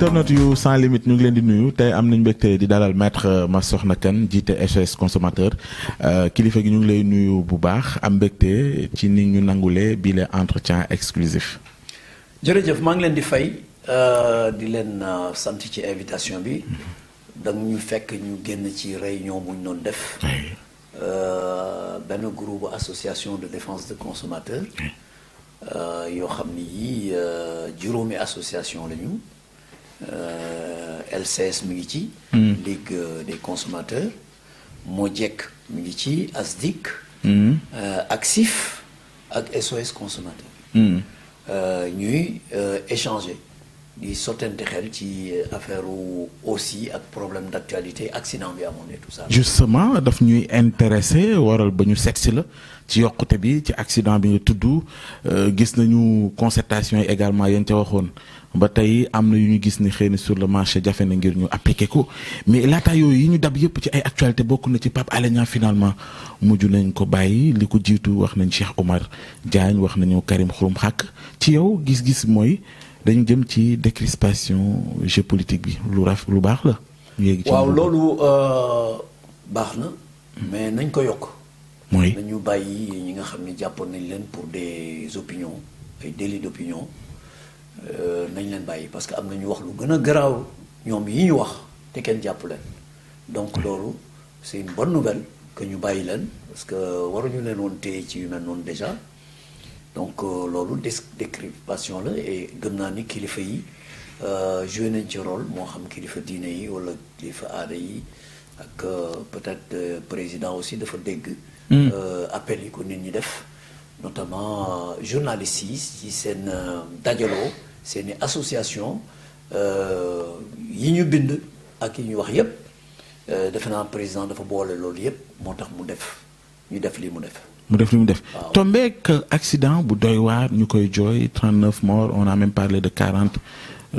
internet yu sans limite ñu ngi leen di nuyu tey am nañ mbégte di dalal maître euh, Massokhna Kane jiite SOS consommateur euh, kilifa gi ñu ngi lay nuyu bu baax am mbégte ci ni ñu nangule bii les entretien exclusif jërëjëf maa ngi leen di fay euh, di leen sant ci invitation bi da ñu fekk ñu génn ci réunion bu ñu doon def benn groupe association de défense de consommateurs yoo xam ni yii juróomi association la ñu Euh, LCS mi ngi ci. Hmm. ligue euh, des consommateurs. Mojek mi ngi ci ASDIC. Hmm. Euh, ak SIF ak SOS consommateur. Hmm. ñuy échanger. di sottante xel ci euh, affaire aussi ak problème d'actualité accident bi amoon et tout ça. justement daf ñuy intéressé waral ba ñu seet si la ci yokkute bi ci accident bi nga tudd euh, gis nañu concertation yi également yéen ca waxoon ba tey am na yu ñu gis ni xëy na sur le marché jafe na ngir ñu appliquer ko mais laata yooyu yi ñu dab yëpp ci ay actualité bokk na ci Pape Alé Niang finalement mujj nañ ko bàyyi li ko jiitu wax nañ Cheikh Omar Diagne wax nañu Karim Xurum Xàkk ci yow gis-gis mooy. dañu jëm ci décrispation géopolitique bi lu raf lu baax la. waaw loolu euh, baax na. mais nañ ko yokk. mooy nañu bàyyi ñi nga xam ni jàppoon nañ leen pour des opinions ay délits d'opinion euh, nañ leen bàyyi parce que am na ñu wax lu gën a garaaw ñoom yi ñu wax te kenn jàpp leen donc loolu c'est une bonne nouvelle que ñu bàyyi leen parce que waruñu leen woon téye ci yu mel noonu déjà. donc euh, loolu des décryptation la et gëm naa ni kilifa yi euh, joué nañ ci rôle moo xam kilifa diine yi wala kilifa aada yi ak euh, peut-être président aussi dafa dégg. Hmm. appel yi ko nit ñi def. notamment journalistes yi ci seen dajaloo seeni association yi ñu bind ak yi ñu wax yépp defe naa président dafa boole loolu yépp moo tax mu def ñu def lii mu def. mu def li mu def tombeek accident bu doy waar ñu koy jooy 39 morts on a même parlé de 40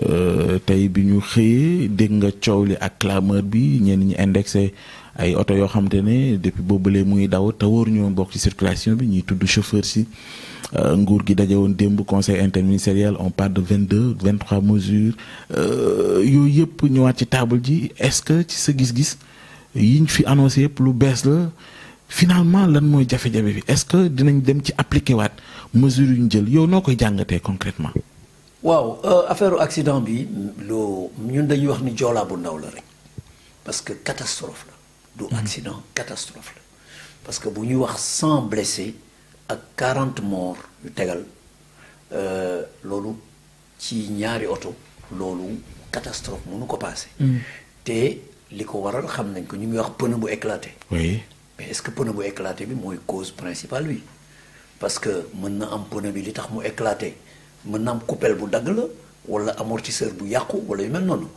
euh, tey bi ñu xëyee dégg nga coow li ak clameur bi ñenn ñi indexé ay oto yoo xam te ne depuis boobulee muy daw te wóor ñoo bokk ci circulation bi ñuy tudd chauffeur si euh, nguur gi daje woon démb conseil interministériel on parle de deux 22 23 mesures euh, yooyu yëpp ñëwaat ci table ji est-ce que ci sa gis-gis yiñ fi annoncé yëpp lu bees la finalement lan mooy jafe-jafe bi est-ce que dinañ dem ci appliqué waat mesure yu ñu jël yow noo koy jàngatee concrètement waaw euh, affaire accident bi loo ñun dañuy wax ni joolaa bu ndaw la rek parce que catastrophe la du hmm. accident catastrophe la parce que bu ñuy wax cent blessés ak quarante morts yu tegal euh, loolu ci ñaari oto loolu catastrophe mënu ko passé hmm. te li ko waral xam nañ ko ñu ngi wax pneu bu éclaté mais est-ce que pneu bu éclaté bi mooy cause principale bi parce que mën na am pneu bi li tax mu éclaté mën na am coupelle bu dagg la wala amortisseur bu yàqu wala yu mel noonu.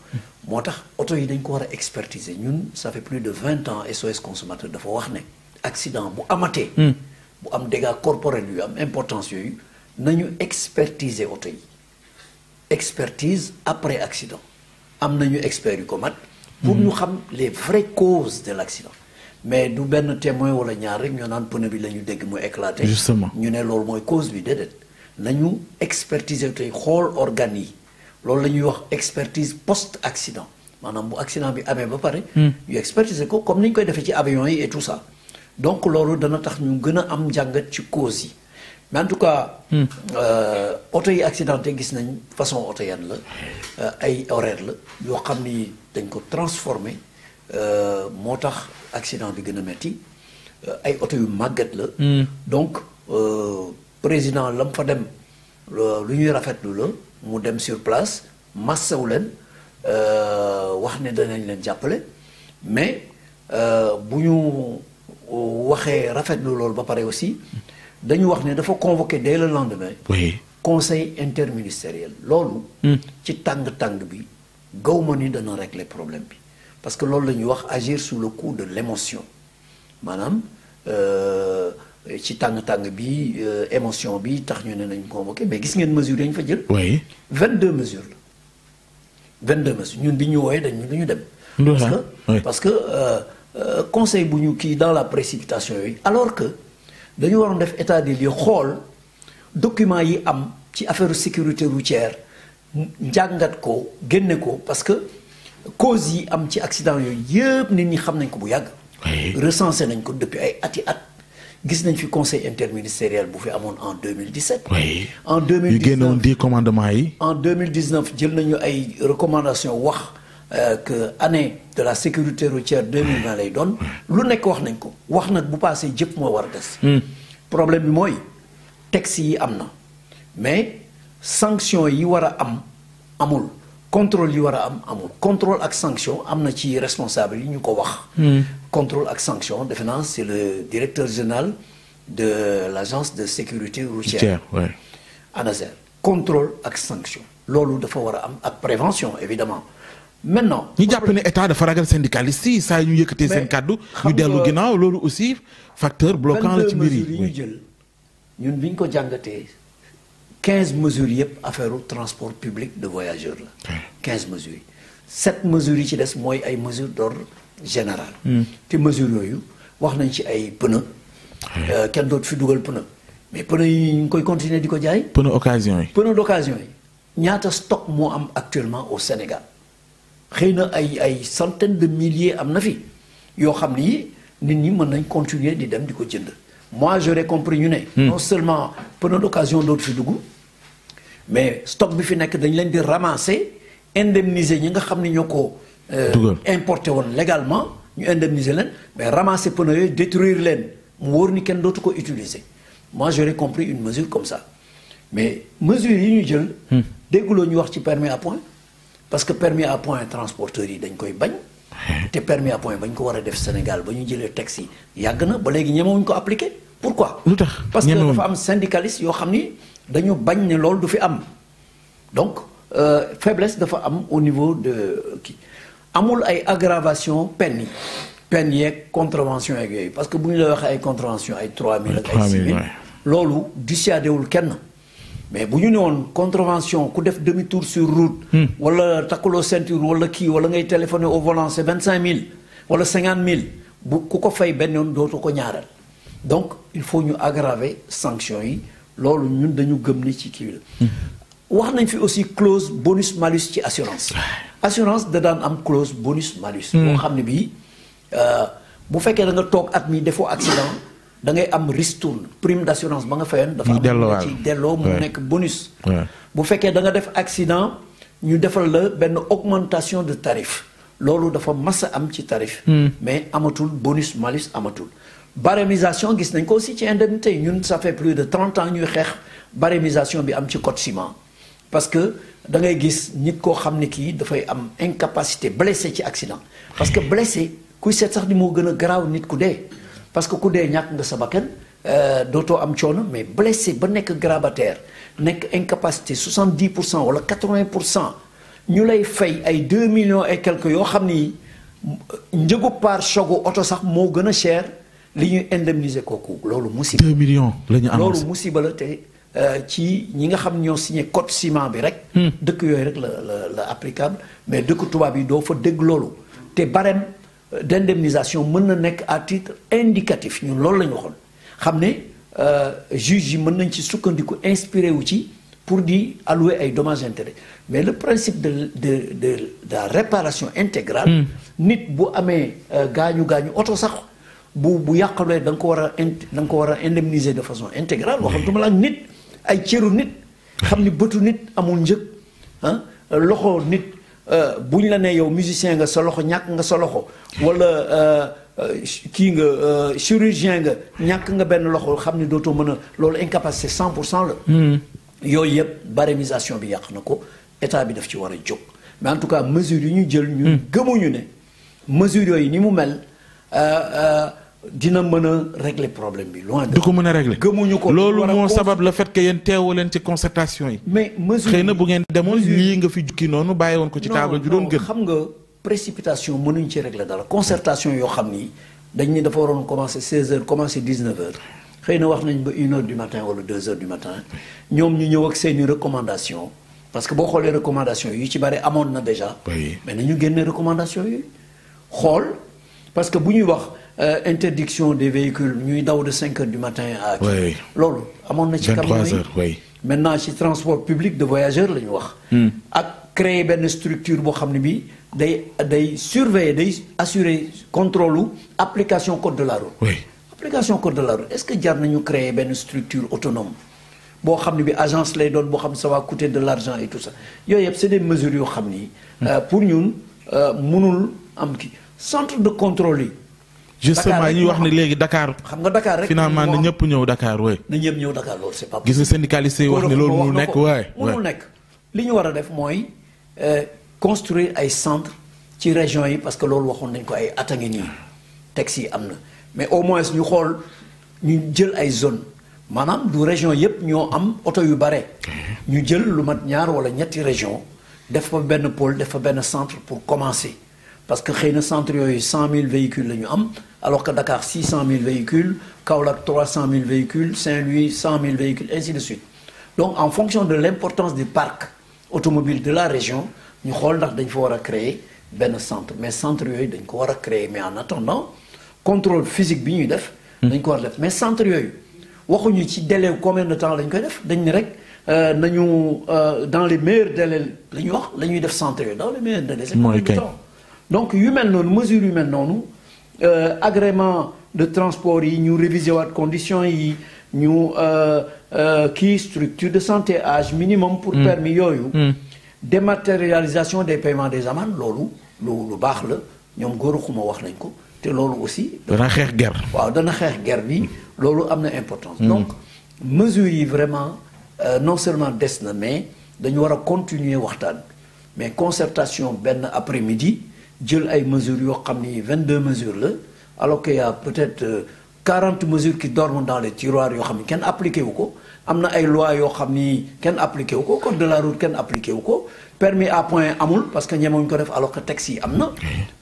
moo tax oto yi dañ ko war a expertiser ñun sa fait plus de vingt ans SOS consommateur dafa wax ne accident bu amatee. Hmm. bu am dégâts corporels yu am importance yooyu nañu expertiser oto yi expertise après accident am nañu experts yu ko mat. pour hmm. ñu xam les vraies causes de l' accident. mais du benn témoin wala ñaar rek ñoo naan pneu bi la ñu dégg mu éclaté. justement ñu ne loolu mooy cause bi déedéet nañu expertiser tey xool organes yi loolu lañuy wax expertise post accident maanaam bu accident bi amee ba pare. Hmm. ñu expertiser ko comme ni ñu koy defee ci avion yi et tout ça donc loolu dana tax ñu gën a am njàngat ci cause yi. mais en tout cas. Hmm. Euh, oto yi accidenté gis nañ façon oto yan la euh, ay horaire la yoo xam ni dañ ko transformé. Euh, moo tax accident bi gën a metti euh, ay oto yu màgget la. Hmm. donc euh, président lam fa dem lu ñuy rafetlu la mu dem sur place massawu leen wax ne danañ leen jàppale mais bu ñu waxee rafetlu loolu ba pare aussi dañu wax ne dafa convoqué dès le lendemain. oui conseil interministériel loolu. Hmm. ci tàng tàng bi gaw ma ni dana régler problème bi. parce que loolu lañuy wax agir sous le coup de l'émotion maanaam euh, ci tàng-tàng bi euh, émotion bi tax ñu ne nañ convoqué mais gis ngeen mesures yi ñu fa jël. oui 22 mesures la vingt 22 mesures ñun bi ñu wooyee dañu dañu dem. parce que parce euh, que conseil bu ñu kii dans la précipitation yi alors que dañu waroon def état des lieux xool documents yi am ci affaire sécurité routière njàngat ko génne ko parce que. cause yi am ci accident yooyu yëpp nit ñi xam nañ ko bu yàgg. recensé nañ ko depuis ay ati at. gis nañ fi conseil interministériel bu fi amoon en 2017. oui en 2019 yu génnoon di commandement yi. en 2019 jël nañu ay recommandation wax euh, que année de la sécurité routière 2020 lay doon. lu nekk wax nañ ko wax nag bu paasee jëpp moo war a des. Hmm. problème bi mooy texte yi am na mais sanction yi war a am amul. contrôle yi war a am amul contrôle ak sanction am na ci responsable yi ñu ko wax. Hmm. contrôle ak sanction defe naa le directeur général de l'agence de sécurité routière. routière ANASER contrôle ak sanction loolu dafa war a am ak prévention évidemment maintenant. ñu jàpp ne état dafa ragal syndicaliste yi saa ñu yëkkatee seen kàddu. ñu dellu ginnaaw loolu aussi facteur blocan la ci mbir yi. ñun bi ñu ko jàngatee. quinze mesures yëpp affaire transport public de voyageurs la. quinze mesures yi 7 mesures yi ci des mooy ay mesures d'ordre général. Hmm. te mesures yooyu wax nañ ci ay pneu. Euh, kenn dootu fi dugal pneu. mais pneu yi ñu ngi koy continuer di ko jaay. pneu occasion yi. pneu d'occasion ñaata stock moo am actuellement au Sénégal xëy na ay ay centaines de milliers am na fi yoo xam ni nit ñi mën nañ continuer di dem di ko jënd mois j'aurais compris ñu ne. Hmm. non seulement pneu d'occasion dootu fi dugg. mais stock bi fi nekk dañ leen di ramasser indemniser ñi nga xam ni ñoo ko. Euh, importé woon légalement ñu indemniser leen mais ramasser pneu yooyu détruire leen mu wóor ni kenn dootu ko utiliser moi j'aurais compris une mesure comme ça mais mesure yi ñu jël. Hmm. dégguloo ñu wax ci permis à point parce que permis à point transporteurs yi dañ koy bañ. te permis à point bañ ko war a def Sénégal ba ñu jëlee yi yàgg na ba léegi ñemewuñ ko appliquer pourquoi. lu tax parce que dafa am syndicaliste yoo xam ni. dañu bañ ne loolu du fi am donc euh, faiblesse dafa am au niveau de euh, kii amul ay aggravation peine yi peine yeeg contrevention yeeg yooyu parce que bu ñu la waxee ay contravention ay 3000 ak ay 6000 loolu dissuadéwul kenn mais bu ñu ne woon contrevention ku def demi tour sur route hmm. wala takkuloo ceinture wala kii wala ngay téléphoner au volant c'est vingt cinq mille wala cinquante mille bu ku ko fay benn yoon dootu ko ñaareel donc il faut ñu aggraver sanction yi loolu ñun dañu gëm ni ci kii la hmm. wax nañ fi aussi clause bonus malus ci assurance assurance da daan am clause bonus malus hmm. boo xam ne bii euh, bu fekkee da nga toog at mi defoo accident da ngay am ristourne prime d' assurance ba nga fayoon dafa am delloo mu nekk bonus bu fekkee da nga def accident ñu defal la benn augmentation de tarif loolu dafa massa am ci tarif hmm. mais amatul bonus malis amatul barémisation gis nañ ko aussi ci indemnité yi ñun ça fait plus de trente ans ñuy xeex barémisation bi am ci code ciment parce que da ngay gis nit koo xam ne kii dafay am incapacité blessé ci accident parce que blessé kuy seet sax di moo gën a garaaw nit ku dee parce que ku dee ñàkk nga sa bakkan euh, dootoo am coono mais blessé ba nekk grabataire nekk incapacité 70 pour cent wala 80 pour cent ñu lay fay ay 2 millions ay quelques yoo xam ni euh, njëgu par chogu oto sax moo gën a cher li ñuy indemniser kooku loolu musiba. 2 millions la ñu annoncé loolu musiba la te euh, ci ñi nga xam ñoo signé code ciment bi rek. Hmm. dëkk yooyu rek la la la applicable mais dëkk tubaab yi doo fa dégg loolu te barème euh, d' mën na nekk à titre indicatif ñu loolu lañu ñu waxoon xam ne euh, juge yi mën nañ ci sukkandiku inspiré wu ci pour di allouer ay dommages intérêts mais le principe de de de réparation intégrale. Hmm. nit bu amee gaañu gaañu oto sax. bu bu yàqulee da nga ko war a in da ko war a indemniser de façon intégrale waxantuma la ak nit ay cëru nit xam ni bëtu nit amul njëg ah loxo nit euh, bu buñ la nee yow musicien nga sa loxo ñàkk nga sa loxo wala euh, kii nga euh, chirurgien nga ñàkk nga benn loxo xam ni dootoo mën a loolu incapacité cent pour cent la hmm. yooyu yëpp baramisation bi yàq na ko état bi daf ci war a jóg mais en tout cas mesures yi ñu jël ñu hmm. gëmuñu ne mesures yooyu ni mu mel dina mën a régler problème bi loin de. du ko mën a régler gëmuñu ko. loolu moo sabab le fait que yéen teewu leen ci concertation yi. xëy na bu ngeen demoon lii nga fi jukki noonu bàyyi woon ko ci table ju doon gën. xam nga précipitation mënuñ ci régler dara concertation yoo xam ni dañ ni dafa waroon commencer 16h commencer 19h. xëy na wax nañ ba une heure du matin wala deux heures du matin ñoom ñu ñëw ak seeni recommandation parce que boo xoolee recommandation yu ci bari amoon na déjà. mais nañu génne recommandation yi xool Euh, interdiction de véhicules ñuy daw de cinq heures du matin à. loolu amoon na ci. camion yi maintenant ci transport public de voyageurs la ñu wax. Hmm. a créer benn structure boo xam ne bii day day surveiller day assurer contrôle application code de la route. oui application code de est-ce que jar nañu créer benn structure autonome. boo xam ne bi agence lay doon boo xam ne ça va coûter de l'argent et tout ça yooyu yëpp c'est des mesures yoo xam ni. Hmm. Euh, pour ñun euh, mënul am kii centre de contrôle yi. justement ñuy wax ne léegi dakaar xam nga Dakar rek finalement na ñëpp ñëw Dakar waay. na ñëpp ñëw Dakar loolu c'est pas gis nga syndicaliste yi wax ne loolu mënul nekk waay. mënul nekk li ñu war a def mooy euh, construire ay centre ci région yi parce que loolu waxoon nañ ko ay at a ngi nii taxi yi am na mais au moins ñu xool ñu jël ay zone maanaam du région yépp ñoo am oto yu bare. ñu jël lu mat ñaar wala ñetti région def fa benn pôle def fa benn centre pour commencer. parce que xëy na centre yooyu 100000 véhicules la ñu am alors que Dakar 600000 véhicules Kaolack 300000 véhicules Saint-Louis 100000 véhicules ainsi de suite donc en fonction de l' importance du parc automobile de la région ñu xool ndax dañ fa war a créer benn centre mais centre yooyu dañ ko war a créer mais en attendant contrôle physique bi ñuy def. Hmm. dañ ko war def mais centre yooyu waxuñu ci délai combien temps lañ koy def dañ ne rek. Euh, nañu euh, dans les meilleurs délais la ñu wax la ñuy def centre yooyu dans les meilleurs donc yu mel noonu mesure yu mel noonu euh, agrément de transport yi ñu réviser waat conditions yi ñu euh, euh, kii structure de santé âge minimum pour mm. permis yooyu mm. dématérialisation des paiements des amendes loolu loolu lu baax la ñoom góor ma wax nañ ko te loolu aussi dana xeex ger waaw dana xeex guerre bi mm. loolu am na importance donc mesures yi vraiment non seulement des na mais dañu war a continuer waxtaan mais concertation benn après-midi jël ay mesures yoo xam ni 22 mesures la alors que y a peut-être 40 euh, mesures qui dorment dans les tiroirs yoo xam ni kenn appliqué wu ko am na ay loi yoo xam ni kenn appliqué wu ko code de la route kenn appliqué wu ko permis à point amul parce que ñemewuñ ko def alors que taxi am na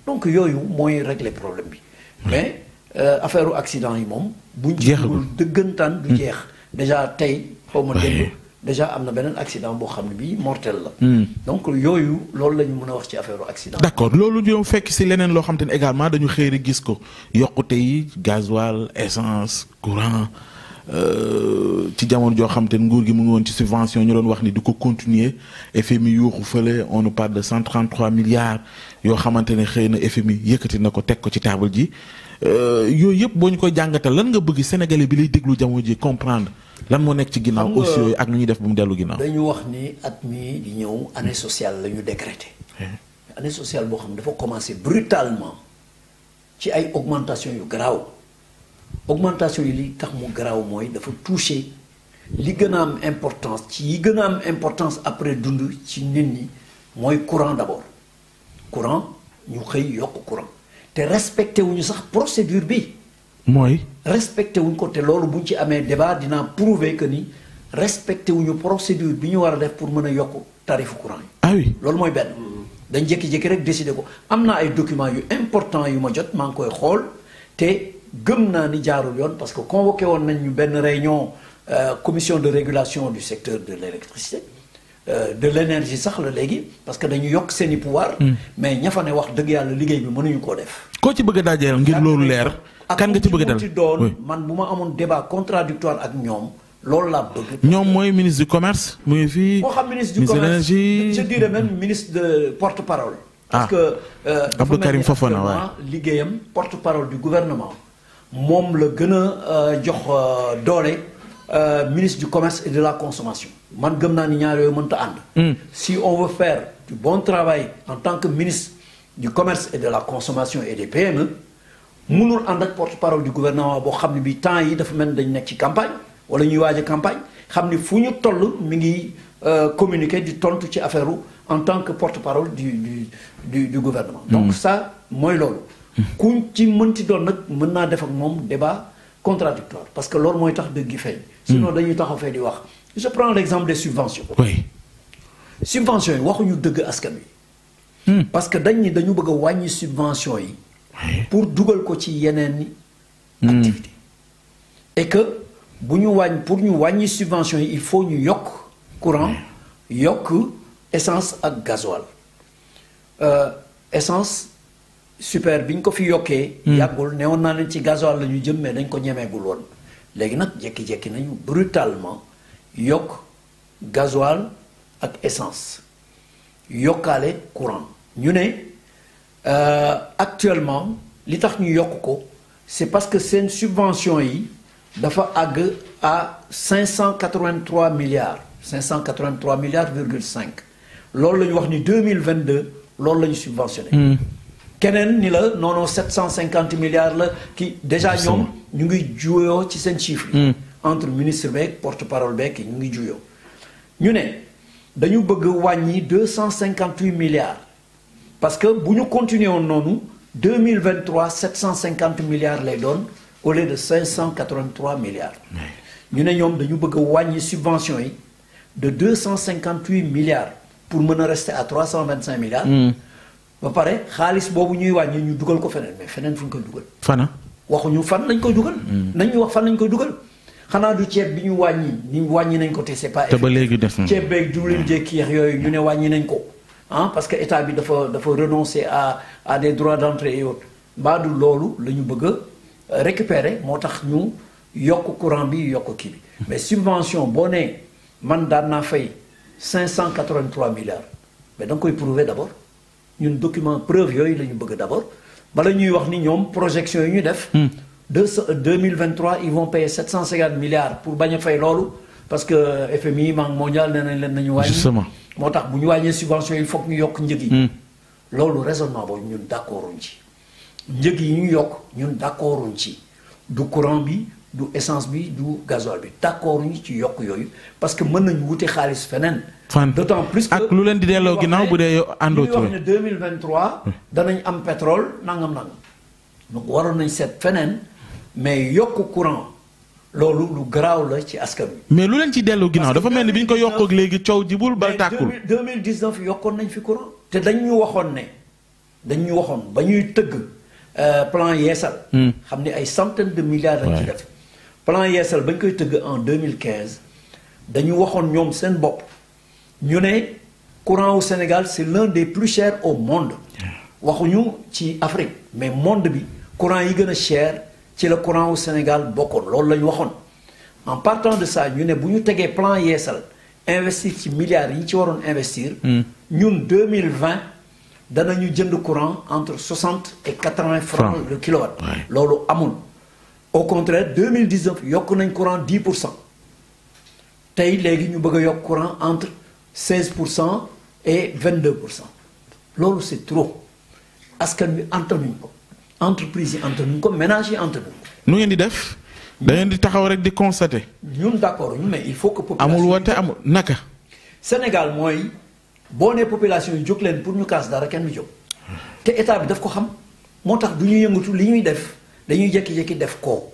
donc yooyu mooy régler problème bi mais euh, affaire accident yi moom bu buñ ci dëggantaan du hmm. jeex déjà tey xaw ma dégg déjà am na beneen accident boo xam ne bii mortel la. Hmm. donc yooyu loolu la ñu mën a wax ci affaire accident. d' accord loolu ñu fekk si leneen loo xam te ne également dañu xëy gis ko yokkute yi gasoil essence courant euh, ci jamono joo xam te ne nguur gi mu ngi woon ci subvention ñu doon wax ni du ko continuer FMI yuuxu fële on parle de cent trente trois milliards yoo xamante ne xëy na FMI yëkkati na ko teg ko ci table ji euh, yooyu yëpp boo ñu koy jàngatal lan nga bëgg sénégalais bi lay déglu jamono ji comprendre. lan moo nekk ci ginnaaw aussi yooyu ak nu ñuy def bu mu dellu ginnaaw. dañu wax ni at mii di ñëw année sociale la ñu décrété. Eh. année sociale boo xam ne dafa commencé brutalement ci ay augmentation yu garaaw augmentation yi li tax mu garaaw mooy dafa touché li gën a am importance ci yi gën a am importance après dund ci nit ñi mooy courant d'abord courant ñu xëy yokk courant te respecté wuñu sax procédure bi. mooy. respecté wuñ ko te loolu buñ ci amee débat dinaa prouver que ni respecté ñu procédure bi ñu war a def pour mën a yokk tarifu courant yi. ah oui loolu mooy benn. dañ jékki-jékki rek décider ko am naa ay documents yu important yu ma jot maa ngi koy xool te gëm naa ni jaarul yoon parce que convoqué woon nañ ñu benn réunion euh, commission de régulation du secteur de l' électricité. Euh, de l'énergie sax la léegi parce que dañu yokk seen i pouvoir. Hmm. mais ña fa wax dëgg yàlla liggéey bi mënuñu koo def. koo ci bëgg a daajeel ngir loolu leer. kan nga ci bëgg dal man bu ma amoon débat contradictoire ak ñoom. loolu laa bëgg. ñoom mooy ministre du commerce mu ngi fii. moo xam ministre du commerce je dirais même de porte parole. Ah. parce que euh, Abdou Karim Fofana waaye liggéeyam porte parole du gouvernement moom la gën a euh, jox doole. Euh, ministre du commerce et de la consommation man gëm naa ni ñaar yooyu mënta ànd. Hmm. si on veut faire du bon travail en tant que ministre du commerce et de la consommation et des PME mënul ànd ak porte-parole du gouvernement boo xam ne bi temps yi dafa mel ni dañ nekk ci campagne wala ñuy waaj campagne xam ni fu ñu toll mi ngi euh, communiquer di tontu ci affaire en tant que porte-parole du du du du gouvernement. Hmm. donc ça mooy loolu. Hmm. ku ci mënti doon nag mën naa def ak moom débat. contradictoire parce que loolu mooy tax dëgg gi feeñ. sinon hmm. dañuy taxaw fee di wax. je prends l' exemple des subventions. oui yi waxuñu dëgg askan wi. Hmm. parce que dañ dañu bëgg a wàññi subvention yi. pour dugal ko ci yeneen. Hmm. activité et que bu ñu wàññ pour ñu wàññi subventions yi il faut ñu yokk courant yokk essence ak gasoil euh, essence. super bi ñu ko fi yokkee. Mm. yàggul newoon naa leen ci gasoil la ñu jëm dañ ko ñemeegul woon léegi nag jékki-jékki nañu brutalement yokk gasoil ak essence yokkaale courant ñu ne euh, actuellement li tax ñu yokk ko c'est parce que seen subvention yi dafa àgg à 583 milliards 583 milliards virgule 5 loolu la ñu wax ni 2022 loolu la ñu subventionné. Mm. keneen ni la non non 750 milliards la ki déjà ñoom ñu ngi juyoo ci seen chiffre hmm. entre ministre beeg porte parole beeg ñu ngi juyoo ñu ne dañu bëgg wàññi 258 milliards parce que bu ñu continuer woon noonu 2023 750 milliards lay doon au lieu de 583 milliards ñu ne ñoom dañu bëgg wàññi subvention yi de 258 milliards pour mën a rester à 325 milliards mm. ba pare xaalis boobu ñuy wàññi ñu dugal ko feneen mais feneen fu ñu koy dugal. fana waxuñu fan lañ koy dugal. Hmm. nañ ñu wax fan lañ koy dugal. xanaa du ceeb bi ñu wàññi ni wàññi nañ ko te ba léegi def na ceeb beeg diwlin jékki yooyu ñu ne wàññi nañ ko. ah parce que état bi dafa dafa renoncer à à des droits d'entrée et autres mbaa du loolu la bëgg a euh, récupérer moo tax ñu yokk courant bi yokk kii bi. Hmm. mais subvention boo nee man daan naa fay 583 milliards mais da nga koy prouver d'abord. ñun document preuve yooyu la ñu bëgg d'abord bala ñu wax ni ñoom projection yu ñu def. Hmm. deux deux mille vingt trois ils vont payer sept cent cinquante milliards pour ba a fay loolu parce que FMI Banque mondiale nee nañ leen nañu wàññi. justement moo tax bu ñu wàññee subvention yi foog ñu yokk njëg yi. Hmm. loolu raisonnement boobu ñun d'accorduñ njëg yi ñu yokk ñun d'accorduñ ci du courant bi. du essence bi du gasoil bi d'accord ñu ci yokk yooyu parce que mën nañu wuti xaalis feneen. d'autant plus que ak lu leen di delloo ginnaaw bu dee àndoo ci wax ne 2023 danañ am pétrole nangam nangam donc waroon nañ seet feneen mais yokk courant loolu lu garaaw la ci askan bi mais lu leen ci delloo ginnaaw dafa mel ni bi ñu ko yokk ak léegi coow jibul bal tàkkul. 2019 yokkoon nañ fi courant. te dañ ñu waxoon ne dañ ñu waxoon ba ñuy tëgg euh, plan yeesal. Hmm. xam ni ay centaines de milliards lañ ci def. plan yeesal ba ñu koy tëgg en 2015 dañu waxoon ñoom seen bopp ñu ne courant au Sénégal c'est l'un des plus chers au monde waxuñu ci Afrique mais monde bi courant yi gën a cher ci la courant au Sénégal bokkoon loolu la ñu waxoon en partant de ça ñu ne bu ñu tegee plan yeesal investir ci milliards yi ñu ci waroon investir hmm. ñun 2020 danañu jënd courant entre 60 et 80 francs le kilowatt loolu amul au contraire 2019 yokk nañ courant 10 pour cent tey léegi ñu bëgg a yokk courant entre 16 pour cent et deux pour cent loolu c'est trop askan wi antanuñ ko entreprise yi antanuñ ko ménage yi antanuñ nu ngeen di def. da di taxaw rek di constater. ñun d'accord ñu mais il faut que. population amul woote amul naka. Sénégal mooy boo nee population yi jóg leen pour ñu kaas dara kenn du jóg te état bi daf ko xam moo tax du ñu yëngatu li ñuy def. dañuy jëkki jékki def ko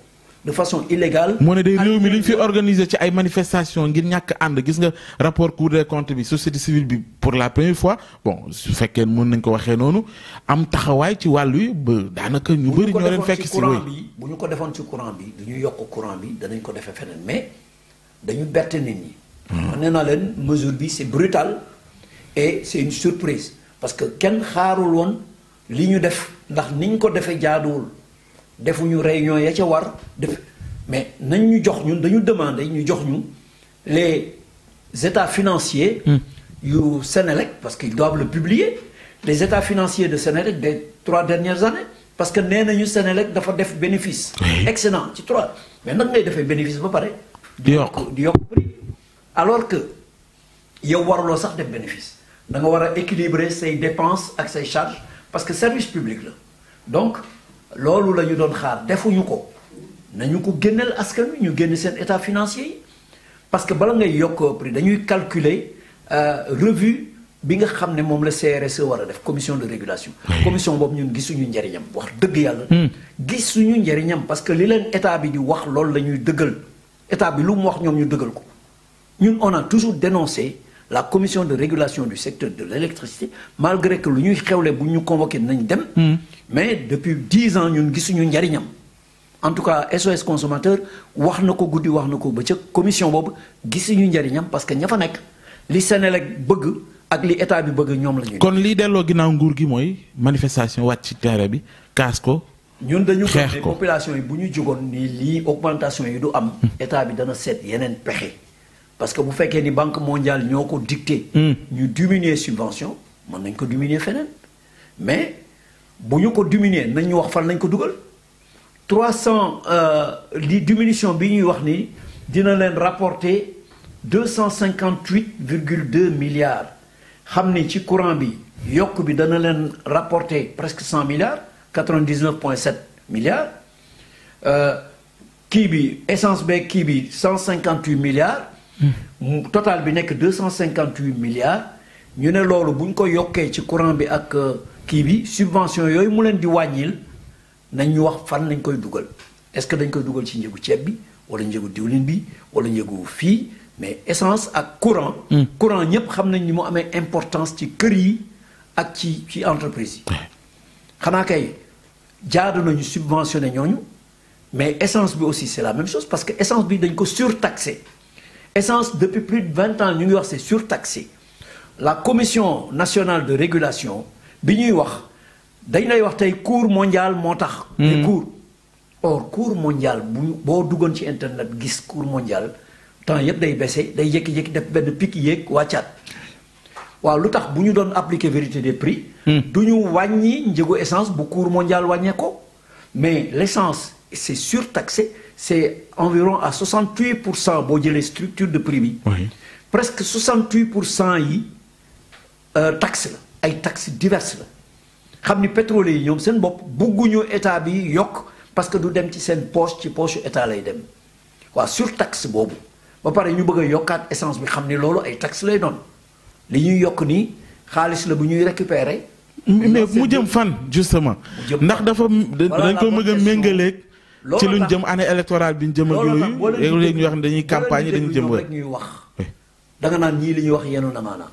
de façon illégale. moo ne day réew mi li fi organiser ci ay manifestations ngir ñàkk ànd gis nga rapport Cour des comptes bi société civile bi pour la première fois bon su fekkee mën nañ ko waxee noonu am taxawaay ci wàllu yi ba daanaka ñu bëri ñoo leen fekk si wéy bu ñu ko defoon ci courant bi du yokk courant bi danañ ko defee feneen mais dañu bett nit ñi. Hmm. nee naa leen mesure bi c'est brutal et c'est une surprise parce que kenn xaarul woon li ñu def ndax niñ ko defee jaaduwul. defuñu réunion ya ca war def mais nañ ñu jox ñun dañu demander ñu jox ñu les états financier hmm. yu Sénélec parce qu'ils doivent le publier les états financiers de Sénélec de trois dernières années parce que nee nañu Sénélec dafa def bénéfice. excellent ci trois mais nag ngay defee bénéfice ba pare. di yokk di yokk prix alors que yow waruloo sax def bénéfice da nga war a équilibrer say dépenses ak say charges parce que service public la loolu la ñu doon xaar defuñu ko nañu ko génneel askan wi ñu génn seen état financier yi parce que bala ngay yokk prix dañuy calculer euh, revue bi nga xam ne moom la CRSE war a def commission de régulation. commission boobu ñun gisuñu njëriñam wax dëgg yàlla. Hmm. suñu njëriñam parce que li leen état bi di wax loolu la ñuy dëggal état bi lu mu wax ñoom ñu dëggal ko ñun on a toujours dénoncé. la commission de régulation du secteur de l'électricité malgré que lu ñuy xewle bu ñu convoqué nañ dem. Hmm. mais depuis dix ans ñun gisuñu njariñam. en tout cas SOS consommateur wax na ko guddi wax na ko bëccëg commission boobu gisuñu njariñam parce que ña fa nekk li Sénélec bëgg ak li état bi bëgg ñoom la ñuy. kon lii delloo ginnaaw nguur gi mooy manifestation wàcc ci terrain bi kaas ko. ñun dañu xeex ko population yi bu ñu jógoon ni lii augmentation yi du am. Hmm. état bi dana seet yeneen pexe. parce que bu fekkee ni banque mondiale ñoo ko dicté. Hmm. ñu diminuer subvention mën nañ ko diminuer feneen mais bu ñu ko diminuer nañ wax fan nañ ko dugal trois cent euh, li diminution bi ñuy wax ni dina leen rapporter deux cent cinquante huit virgule deux milliards xam ni ci courant bi yokk bi dana leen rapporter presque cent milliards quatre vingt dix neuf point sept milliards euh, kii bi essence beeg kii bi cent cinquante huit milliards. total bi nekk deux cent cinquante huit milliards ñu ne loolu bu ñu ko yokkee ci courant bi ak euh, kii bi subvention yooyu mu leen di wàññil nañ ñu wax fan lañ koy dugal est-ce que dañ koy dugal ci njëgu ceeb bi wala njëgu diwlin bi wala njëgu fii mais essence ak courant. Mm. courant ñëpp xam nañ ni mu amee importance ci kër yi ak ci ci entreprise yi. xanaa kay jaadu nañu subventionné ñooñu mais essence bi aussi c'est la même chose parce que essence bi dañ ko surtaxé. essence depuis plus de vingt ans ñu ngi wax c'est surtaxé la commission nationale de régulation bi ñuy wax dañ lay wax tey cours mondiale moo tax te hmm. cours or cours mondial bu boo duggoon ci internet gis cours mondial temps yëpp day baissé day jékki-jékki def benn pic yéeg wàccaat waaw lu tax bu ñu doon appliquer vérité des prix hmm. du ñu wàññi njëgu essence bu cours mondiale wàññee ko mais l'essence c'est surtaxé c'est environ à 68 pour cent boo jëlee structure de prix bi. Oui. presque 68 pour cent yi euh, tax la ay taxes diverses la xam ni pétrole yi ñoom seen bopp bugguñu état bi yokk parce que du dem ci seen poche ci poche état lay dem waa surtaxe boobu ba pare ñu bëgg a yokkaat essence bi xam ni loolu ay taxes lay doon li ñuy yokk nii xaalis la bu ñuy récupérer mais mu jëm fan justement ndax dafa dañ ko mën a ci luñ jëm année électorale bi ñu jëm ak yooyu léegi ñuy wax ne dañuy campagne dañuy da nga naan ñii li ñuy wax yenu na maanaam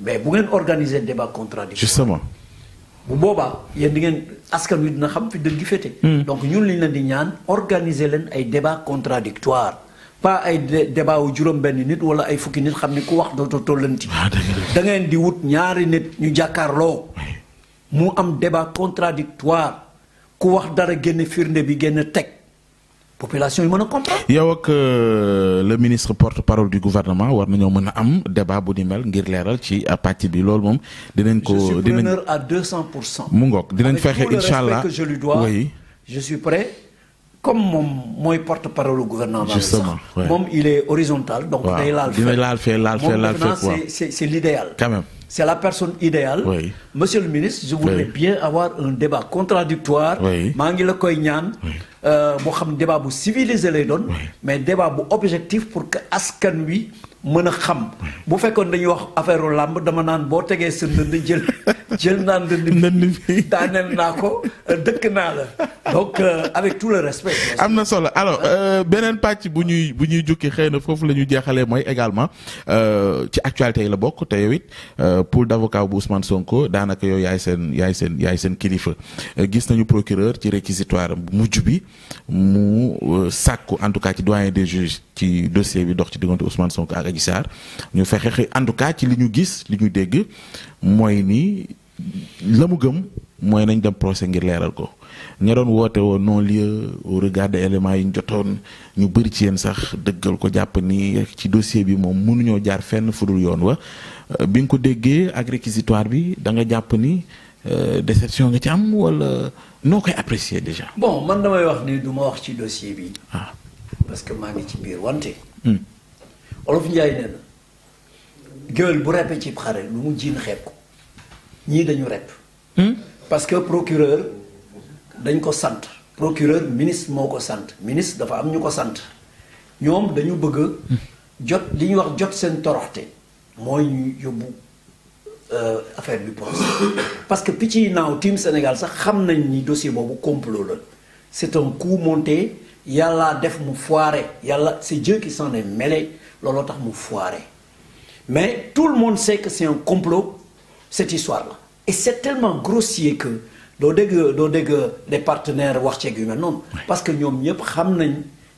mais bu ngeen organiser débat contradictoire justement bu boobaa yéen di ngeen askan wi dina xam fi dëgg gi féete hmm. donc ñun liñ leen di ñaan organiser leen ay débat contradictoire pas ay débat juróom-benn nit wala ay fukki nit xam ni ku wax dootoo tollanti ah, da ngeen di wut ñaari nit ñu jàkkaarloo mu am débat contradictoire ku wax dara génn firnde bi génn teg population yi mën a yow ak euh, le ministre porte-parole du gouvernement war nañoo mën a am débat bu ni mel ngir leeral ci à pàcc bi loolu moom. dinañ ko dinañ je à 200 cent. mu ngoog dinañ fexe incha allah avec tout le je suis prêt comme moom mooy porte-parole du gouvernement. justement moom il est horizontal. donc day laal fee dina laal fee laal fee laal fee c'est l'idéal c'est la personne idéale. Oui. monsieur le ministre je voudrais oui. bien avoir un débat contradictoire maa ngi la koy ñaan. boo euh, xam débat bu civilisé lay doon. mais débat bu objectif pour que askan wi. mën a xam bu fekkoon dañuy wax affaire làmb dama naan boo tegee sa ndënd jël jël naa ndënd bi daaneel naa ko dëkk naa la donc euh, avec tout le respect. am na solo alors euh, beneen pàcc bu ñuy bu ñuy jukki xëy na foofu la ñu jeexalee mooy également euh, ci actualité yi la bokk te yow it pool d' avocat bu Ousmane Sonko daanaka yow yaay seen yaay seen yaay seen kilifa gis nañu procureur ci réquisitoire bu mujj bi mu sàkku en tout cas ci doyen des juges ci dossier bi dox ci diggante Ousmane Sonko Sarr Adji ñu fexe en tout cas ci li ñu gis li ñu dégg mooy ni la mu gëm mooy nañ dem procès ngir leeral ko ña doon woote woo non lieu au regard des éléments yi ñu jotoon ñu bëri ci yéen sax dëggal ko jàpp ni ci dossier bi moom mënuñoo jaar fenn fudul yoon wa euh, bi nga ko déggee ak réquisitoire bi da nga jàpp ni euh, déception nga ci am wala noo koy apprécier déjà. bon man damay wax ni du wax ci dossier bi. Ah. parce que maa ngi ci biir wante. Hmm. olof njaay nee géwél bu reppe ci xare lu mu jiin xeeb ko ñii dañu repp hmm? parce que procureur dañ ko sant procureur ministre moo ko sant ministre dafa am ñu ko sant ñoom dañu bëgg jot li ñuy wax jot seen toroxte mooy ñu yóbbu euh, affaire bi procès parce que picc yi naaw team Sénégal sax xam nañ ni dossier boobu complot la c'est un coup yàlla def mu foire yàlla si Dieu qui s'en looloo tax mu foiré mais tout le monde sait que c'est un complot cette histoire là et c'est tellement grossier que doo dégg doo dégg des partenaires wax ceg yu mel noonu parce que ñoom ñëpp xam nañ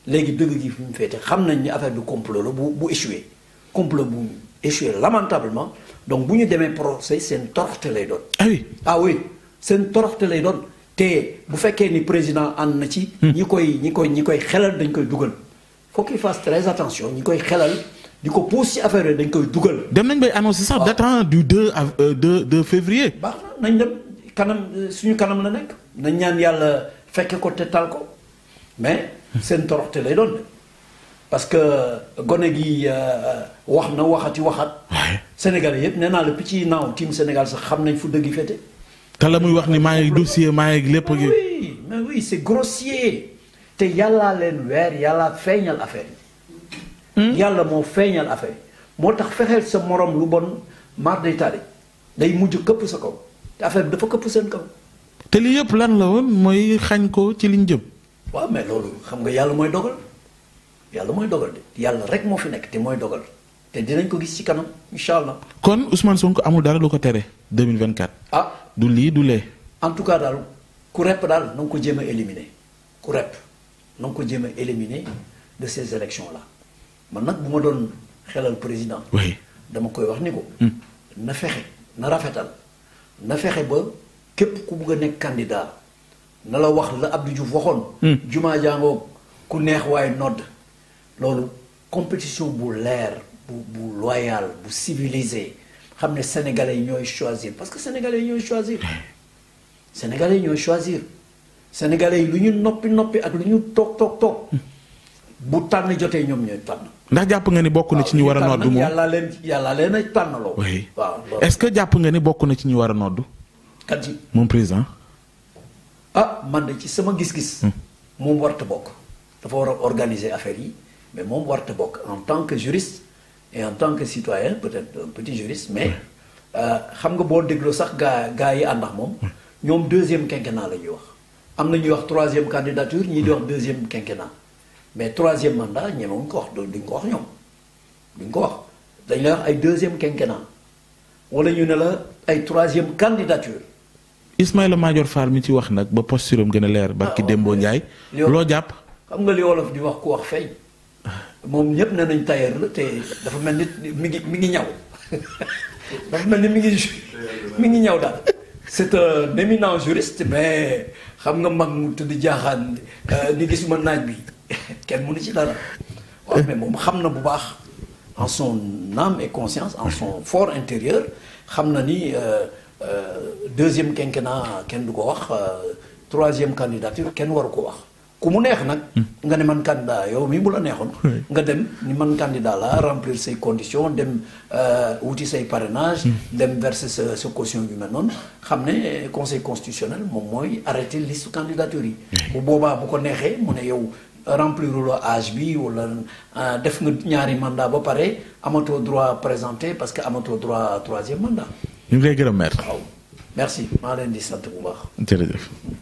léegi dëgg gi fi mu féete xam nañ ni affaire bi complot la bu bu échoué complot bu échoué lamentablement donc bu ñu demee procès seen toroxte lay doon ah oui ah seen toroxte lay doon te bu fekkee ni président ànd na ci hmm. ñi koy ñi koy ñi koy xelal dañ koy dugal faut qu'il fasse très attention ñu koy xelal di ko pousse ci affaire yooyu dañ koy dugal. dem nañ bay annoncer sax datant du 2 à 2 2 février. baax nañ dem kanam euh, suñu kanam la nekk nañ ñaan yàlla fekke ko te tal ko mais seen toroxte lay doon parce que gone gi euh, wax na waxati waxat. Sénégalais yëpp nee naa la picc yi naaw team Sénégal sax xam nañ fu dëgg fete. te la muy wax ni maa ngi dossier maa ngi lépp. mais oui mais c'est grossier. te yàllaa leen weer yàlla feeñal affaire yi. Hmm? yàlla moo feeñal affaire yi moo tax fexeel sa morom lu bon mar day tari day mujj këpp sa kaw te affaire bi dafa këpp seen kaw. te lii yëpp lan la woon mooy xañ ko ci liñ jëm. waaw mais loolu xam nga yàlla mooy dogal yàlla mooy dogal de yàlla rek moo fi nekk te mooy dogal te dinañ ko gis ci kanam incha allah. kon Ousmane Sonko amul dara lu ko tere 2024. ah du lii du lee. en tout cas daal ku rep daal na ko jéem éliminer ku rep. na nga ko jéem a éliminer de ces élections là man nag bu ma doon xelal président. dama koy wax ni ko. Hmm. na fexe na rafetal na fexe ba képp ku bugg a nekk candidat na la wax la Abdou Diouf waxoon. Hmm. jumaa jàngoo ku neex waaye nodd loolu compétition bu leer bu bu loyal bu civilisé xam ne sénégalais ñooy choisir parce que sénégalais yi ñooy choisir hmm. sénégalais ñooy choisir. sénégalais yi lu ñu noppi noppi ak lu ñu toog toog toog bu tànn jotee ñoom ñooy tànn. ndax jàpp nga ni bokk na ci ñu war a noddu moom yàlla leen yàlla leen a tànnaloo. waaw est-ce que jàpp nga ni bokk ci ñu war a noddu. kat yi moom président. ah man de ci sama gis-gis. Hmm. moom warta bokk. dafa war a organiser affaire yi mais moom warta bokk en tant que juriste et en tant que citoyen peut-être un petit juriste mais euh, xam nga boo déglu sax gaa gaa yi àndax moom. ñoom deuxième quinquennat la ñuy wax. am na ñuy wax troisième candidature ñii di wax deuxième quinquennat mais troisième mandat ñemewuñ ko wax duñ ko wax ñoom duñ ko wax dañ lay wax ay deuxième quinquennat wala ñu ne la ay troisième candidature. Ismaïla Madior Fall mi ci wax nag ba posture am gën a leer. Ah, barki Dembo Ndiaye. loo jàpp. xam nga li wolof di wax ku wax feeñ. moom ñëpp ne nañ tailleur la te dafa mel ni mi ngi mi ngi ñaw dafa mel ni mi ngi mi ngi ñaw daal. c'est un éminent juriste mais xam nga mag mu tëdd jaaxaan euh, ni gis suma naaj bi kenn mënu ci dara waaw mais moom xam na bu baax en son âme et conscience en son fort intérieur xam na ni euh, euh, deuxième quinquennat kenn du ko wax troisième candidature kenn waru ko wax ku mu neex nag. Hmm. nga ne man candidat yow mii bu la neexoon. nga dem ni man candidat la remplir say conditions dem euh, wuti say parrainage. Hmm. dem verser sa sa caution yu mel noonu xam ne conseil constitutionnel moom mooy arrêter liste candidature yi. boobaa bu ko neexee mu ne yow. remplir la âge bi wala euh, def nga ñaari mandat ba pare amatoo droit présenter parce que amatoo droit troisième mandat. ñu ngi lay gërëm maître. merci maa leen di sant bu baax.